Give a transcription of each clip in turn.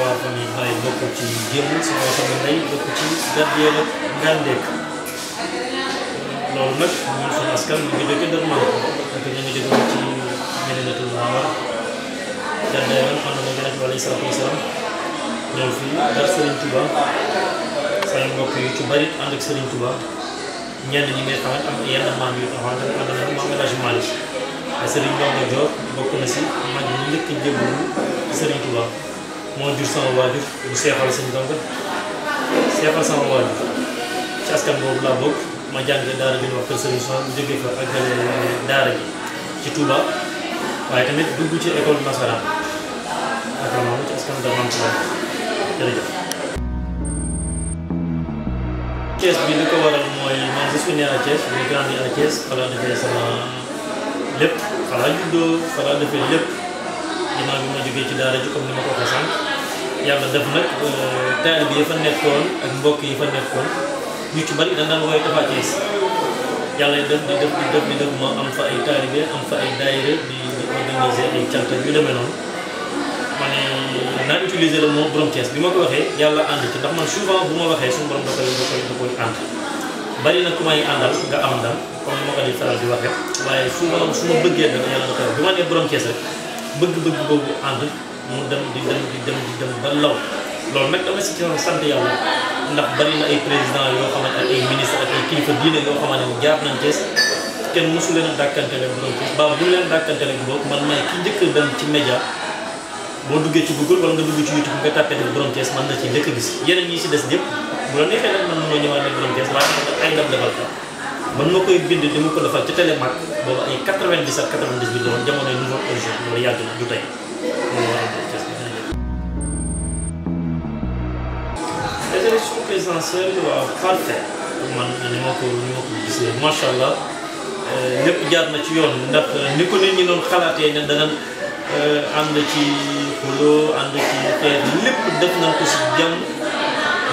waa famille Baye bokk ci Gémul sama waa famille Ndeye bokk ci Gabriel Ngandek loolu nag ñun suñu askan ci Medinatul yoon xam ne Yonent bi alayhi salaatu wa ak Serigne nga xam ne moom El Hadj Malick Serigne Ndongo Diop bokk na si mag ñi njëkk a jébbalu Serigne Touba. moo jur sama euh, bi ñu wax bi ko waral mooy man je suis né à Thiès j'ai grandi à Thiès fa sama lépp fa laa juddoo fa laa lépp. ginnaaw bi ma jógee ci daara ji comme ni ma ko waxee sànq yàlla nag euh, yi fa nekkoon ak mbokk yàlla def di ma am fa ay taalibe am fa ay daayira di di organiser ay cant yu ma ne naa utiliser le mot borom bi ma ko waxee yàlla ànd ma waxee suñu borom da koy da koy da koy nga am ndam comme ni ko di faral di waxee waaye souvent su ma bëggee dara yàlla da koy bi ma nee borom Thiès rek. bëgg-bëgg boobu ànd mu dem di dem di dem di ba law loolu nag dama si ci sant yàlla ndax bari ay président yoo xamante ne ay ministre ak ay kilifa diine yoo xamante ne jaar nañ Cees kenn mosu leen a dàkkante rek bu baa bu leen dàkkante rek boobu man may ki njëkk dem ci média boo duggee ci Google wala nga dugg ci man na ci njëkk gis yeneen ñi si des yëpp bu la neexee nag man mënoo ñëwaat ne borom Cees waaye ay ndam defal ko man ma koy bind di ma ko defal ci télé mag boobu ay 97 98 la woon jamonoy nouveau projet loolu yàgg na du tey moo waral élection présidentielle allah euh, lépp jaar na ci yoon ndax euh, ni ko nit ñi doon xalaatee ne danañ euh, ànd ci xuloo ànd ci xeer lépp def nañ ko si jàmm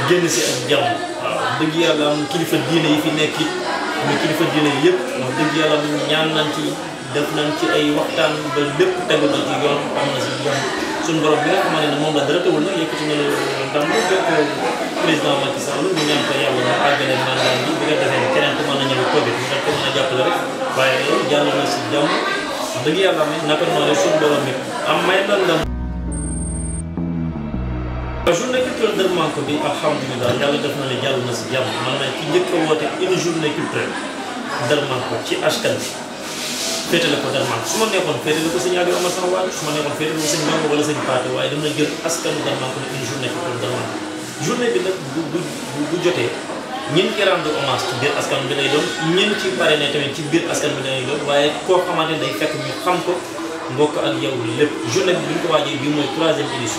génn si ak jàmm waaw dëgg yàlla am kilifa diine yi fi nekk ñu kilifa diine yëpp wax dëgg yàlla ñaan nañ ci def nañ ci ay waxtaan ba lépp tegu na ci yoon am na si jom borom bi nga xamante ne moom la dara tawul nag yëkkati na ndam fekk euh, président Macky Sall ñu ñaan ko yàlla na àggale mandat bi bi nga defee keneen ku mën a ñëw Covid ñu ko mën a jàppale rek waaye jàll na si jàmm wax dëgg yàlla naka noonu suñu borom bi am may na ndam journée culturelle Darmanko bi alhamdulilah yàlla def na ne jàll na si jàmm maanaam ci njëkk a woote une journée culturelle Darmanko ci askan bi féetale ko Darmanko su ma nekkoon féetale ko sëñ Aliou Amar sama wàll su ma nekkoon féetale ko sëñ Mango wala sëñ Paate waaye dama jël askanu Darmanko ne une journée culturelle Darmanko journée bi nag bu bu bu jotee ñin ci rendre ci biir askan bi lay doon ñin ci parrainé tamit ci biir askan bi lay waaye koo xamante ne day mbokk ak yow lépp bi bi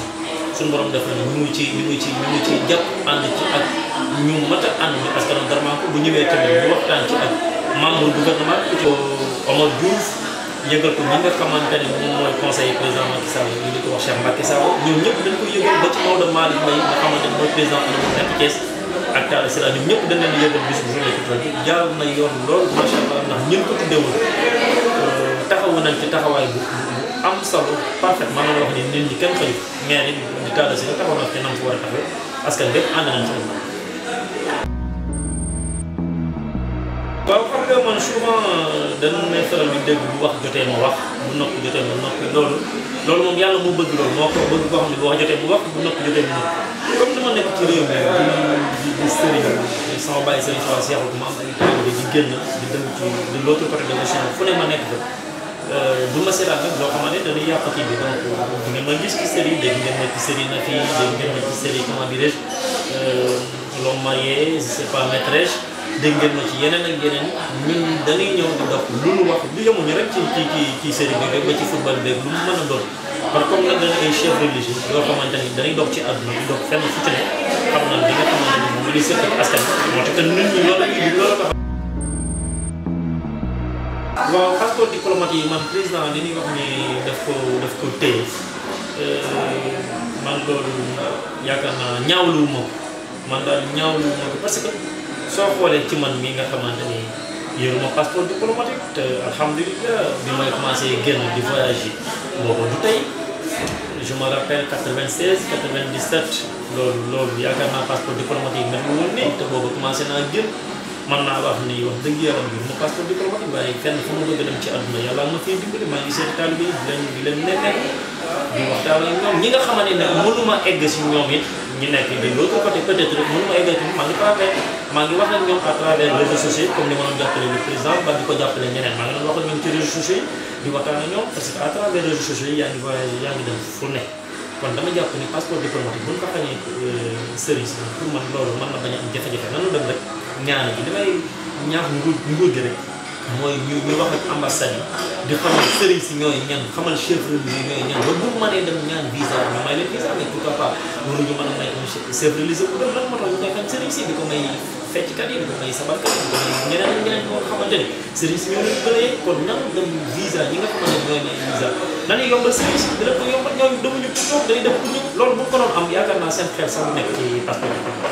suñu borom def na ñu ngi ci ñu ngi ci ñu ngi ci jàpp ànd ci ak ñu mat a ànd ni parce que nag vraiment bu ñëwee tamit ñu waxtaan ci ak membre gouvernement ku ci Omar Diouf yëgal ko ñi nga xamante ne moom mooy conseiller président Macky Sall ñu di ko wax Cheikh Macky Sall ñoom ñëpp dañ koy yëgal ba ci Maodo Malick Mbaye nga xamante ne mooy président anamo nekk Thiès ak Talla Sylla ñoom ñëpp dañ leen yëgal bis bu journée culturelle bi jaar na yoon lool macha allah ndax ñun ko tuddeewul euh, taxawu nañ ci taxawaay bu am solo parfaitement la wax ni nit ñi kenn xëyut mais nit ñi taala si taxaw na ci nam fu war a taxawee askan bépp ànd nañ ci waaw xam nga man souvent dañ may faral di dégg bu wax jotee ma wax bu noppi jotee ma noppi loolu loolu moom yàlla moo bëgg loolu moo ko bëgg koo xam ne bu wax jotee bu wax bu jotee comme nekk ci réew mi di di sëriñ sama bàyyi sëriñ Cheikh Cheikh ma am ay di génn di dem ci de côté de fu ne ma nekk du euh, ma seetaan nag loo xamante ne dañuy yàq kii bi donc di ngeen ma gis ci série dégg nga ma ci série na fii dégg ngeen ma ci série comment dirais je euh, l'homme marié je sais pas maîtresse ma ci yeneen ak yeneen dox lu nu wax lu yemuñu rek ci ci ci ci série bi rek ba ci football beeg lu mu mën a doon par comme nag dañu chef religieux yoo xamante ni dañuy dox ci àdduna di dox fenn fu ci ne xam na li nga xamante ni moom la ñuy ak askan moo tax nit ñi loolu loolu waaw passeport diplomate yi man président li ñuy wax ni daf ko daf ko téye euh, man loolu yaakaar naa ñaawlu ma man daal ñaawlu ma ko parce que soo xoolee ci man mii nga xamante ni yoruma passeport diplomatique te alhamdulilah bi may commencé génn di voyage yi boobu du tey je me rappelle 96 97 loolu loolu yaakaar naa passeport diplomatique mel ni woon nii te boobu commencé naa génn. mën naa wax ni wax dëgg yàlla ngir ma passeport diplomatique a dem ci àdduna yàlla ma fee dimbali ngi seet taalibe yi di leen di leen nekkee di waxtaan ak ñoom ñi nga xamante ne mënuma egg si ñoom it nekk de wax ak ñoom à travers réseaux sociaux comme ni ma doon jàppale le di ko jàppale ñeneen maa wax ak di waxtaan ak ñoom parce que à travers réseaux sociaux ñaan bi damay ñaax nguur nguur gi rek mooy ñu ñu wax ak ambassade di xamal sëriñ si ñooy ñan xamal chef religieux ñooy ñan ba bu mënee dem ñaan visa ñu may leen visa mais pourquoi pas mënu ñu mën a may un chef religieux bu def lan moo tax ñu koy xam sëriñ si di ko may fecckat yi di ko may sabarkat yi di ko may ñeneen ak ñeneen boo xamante ni sëriñ si ñoo leen gëlee kon nan dem visa ñi nga xamante ni ñooy may visa dañuy yombal sëriñ si dina ko yombal ñooñu demuñu pour ñoom day def pour ñoom loolu bu ko doon am yaakaar naa seen xel sax nekk ci parce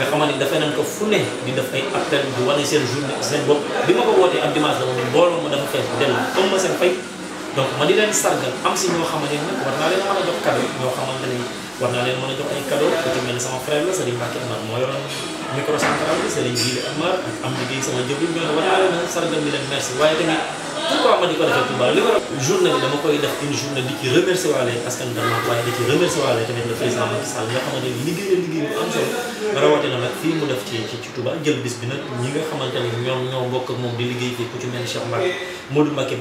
nga xamante ni dafay nañ ko fu ne di def ay appel di wane seen journée seen bopp bi ma ko wootee ak dimanche dama mbooloo ma dafa fees dellu comme ma seen fay donc ma di leen sargal am si ñoo xamante ne nag war naa leen mën a jox cadeau war naa leen mën a jox ay cadeau ku ci mel ni sama frère la Serigne Mbacke Amar war naa leen sargal di leen pourquoi ma di ko defee Touba li ko journée bi dama koy def une journée di ci remercier waale askan bi waaye di ci remercier waale tamit le président nga xamante ni liggéey na ñi nga xamante ni ñoom ñoo bokk ak moom di liggéey fii ku ci mel ni Cheikh Mbacke Modou Mbacke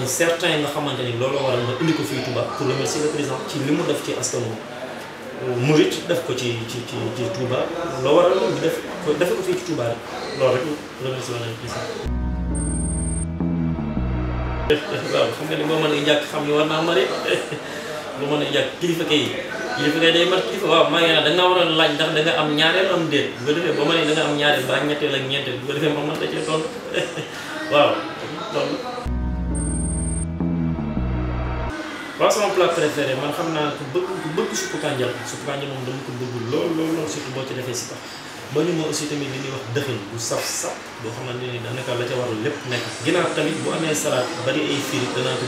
na xamante ni looloo waral ma indi ko fii Touba pour remercier ci li mu def ci askan wi murit def ko ci ci ci ci Touba loo waral ñu def ko def ko fii ci Touba rek loolu rek remercié nañ ci sax xam nga ni naa mari boo mën a ñàkk kilifa kay kilifa kay day mat kilifa waaw maa ngi naan da nga war a laaj ndax da am ñaareel am déet bu ko defee boo ma ne da am ñaareel ba ñetteel ak ñeenteel bu ko defee ma mën la cee waaw waaw sama plat préféré man xam naa ku bëgg ku bëgg suppu kànja la suppu kànja moom dama ko bëgg lool lool lool boo ci defee si tax ba ñu ma aussi tamit li ñuy wax dëxëñ bu saf-saf boo xamante ni daanaka la ca lépp nekk ginaar tamit bu amee salade bari ay firit danaa ko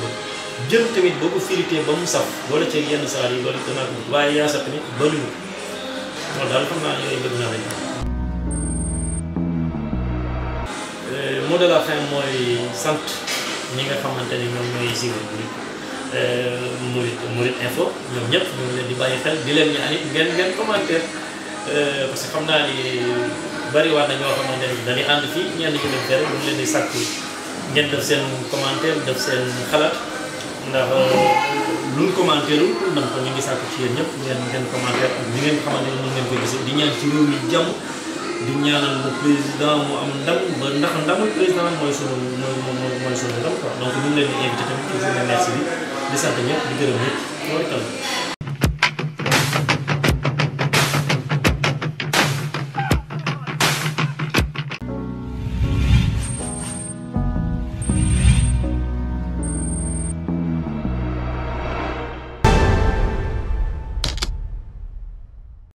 bëgg boo ko ba mu saf boole ci genn salade yi loolu danaa ko bëgg waaye yaasa tamit bariwul loolu daal xam naa yooyu bëgg naa euh, lañ sant ñi nga xamante ni murid-murid eh, info ñoom ñëpp ñu leen di bàyyi xel di leen ñaan it ngeen ngeen commentaire eh, parce que xam ni bari waat ñoo ni dañuy ànd fii ci ñu leen di sàkku ngeen def seen commentaire def seen xalaat ndax eh, luñ commentaire ul ndax ko ñu ngi sàkku ci yéen ñëpp ngeen ngeen commentaire ak ni ngeen xamante ni ngeen ko di ñaan ci réew mi jàmm di ñaanal mu président mu am ndam ba ndax ndamul président mooy sunu mooy mooy sunu ndam quoi donc ñu leen di invité tamit ci journée merci di sampingnya di digeremik wortel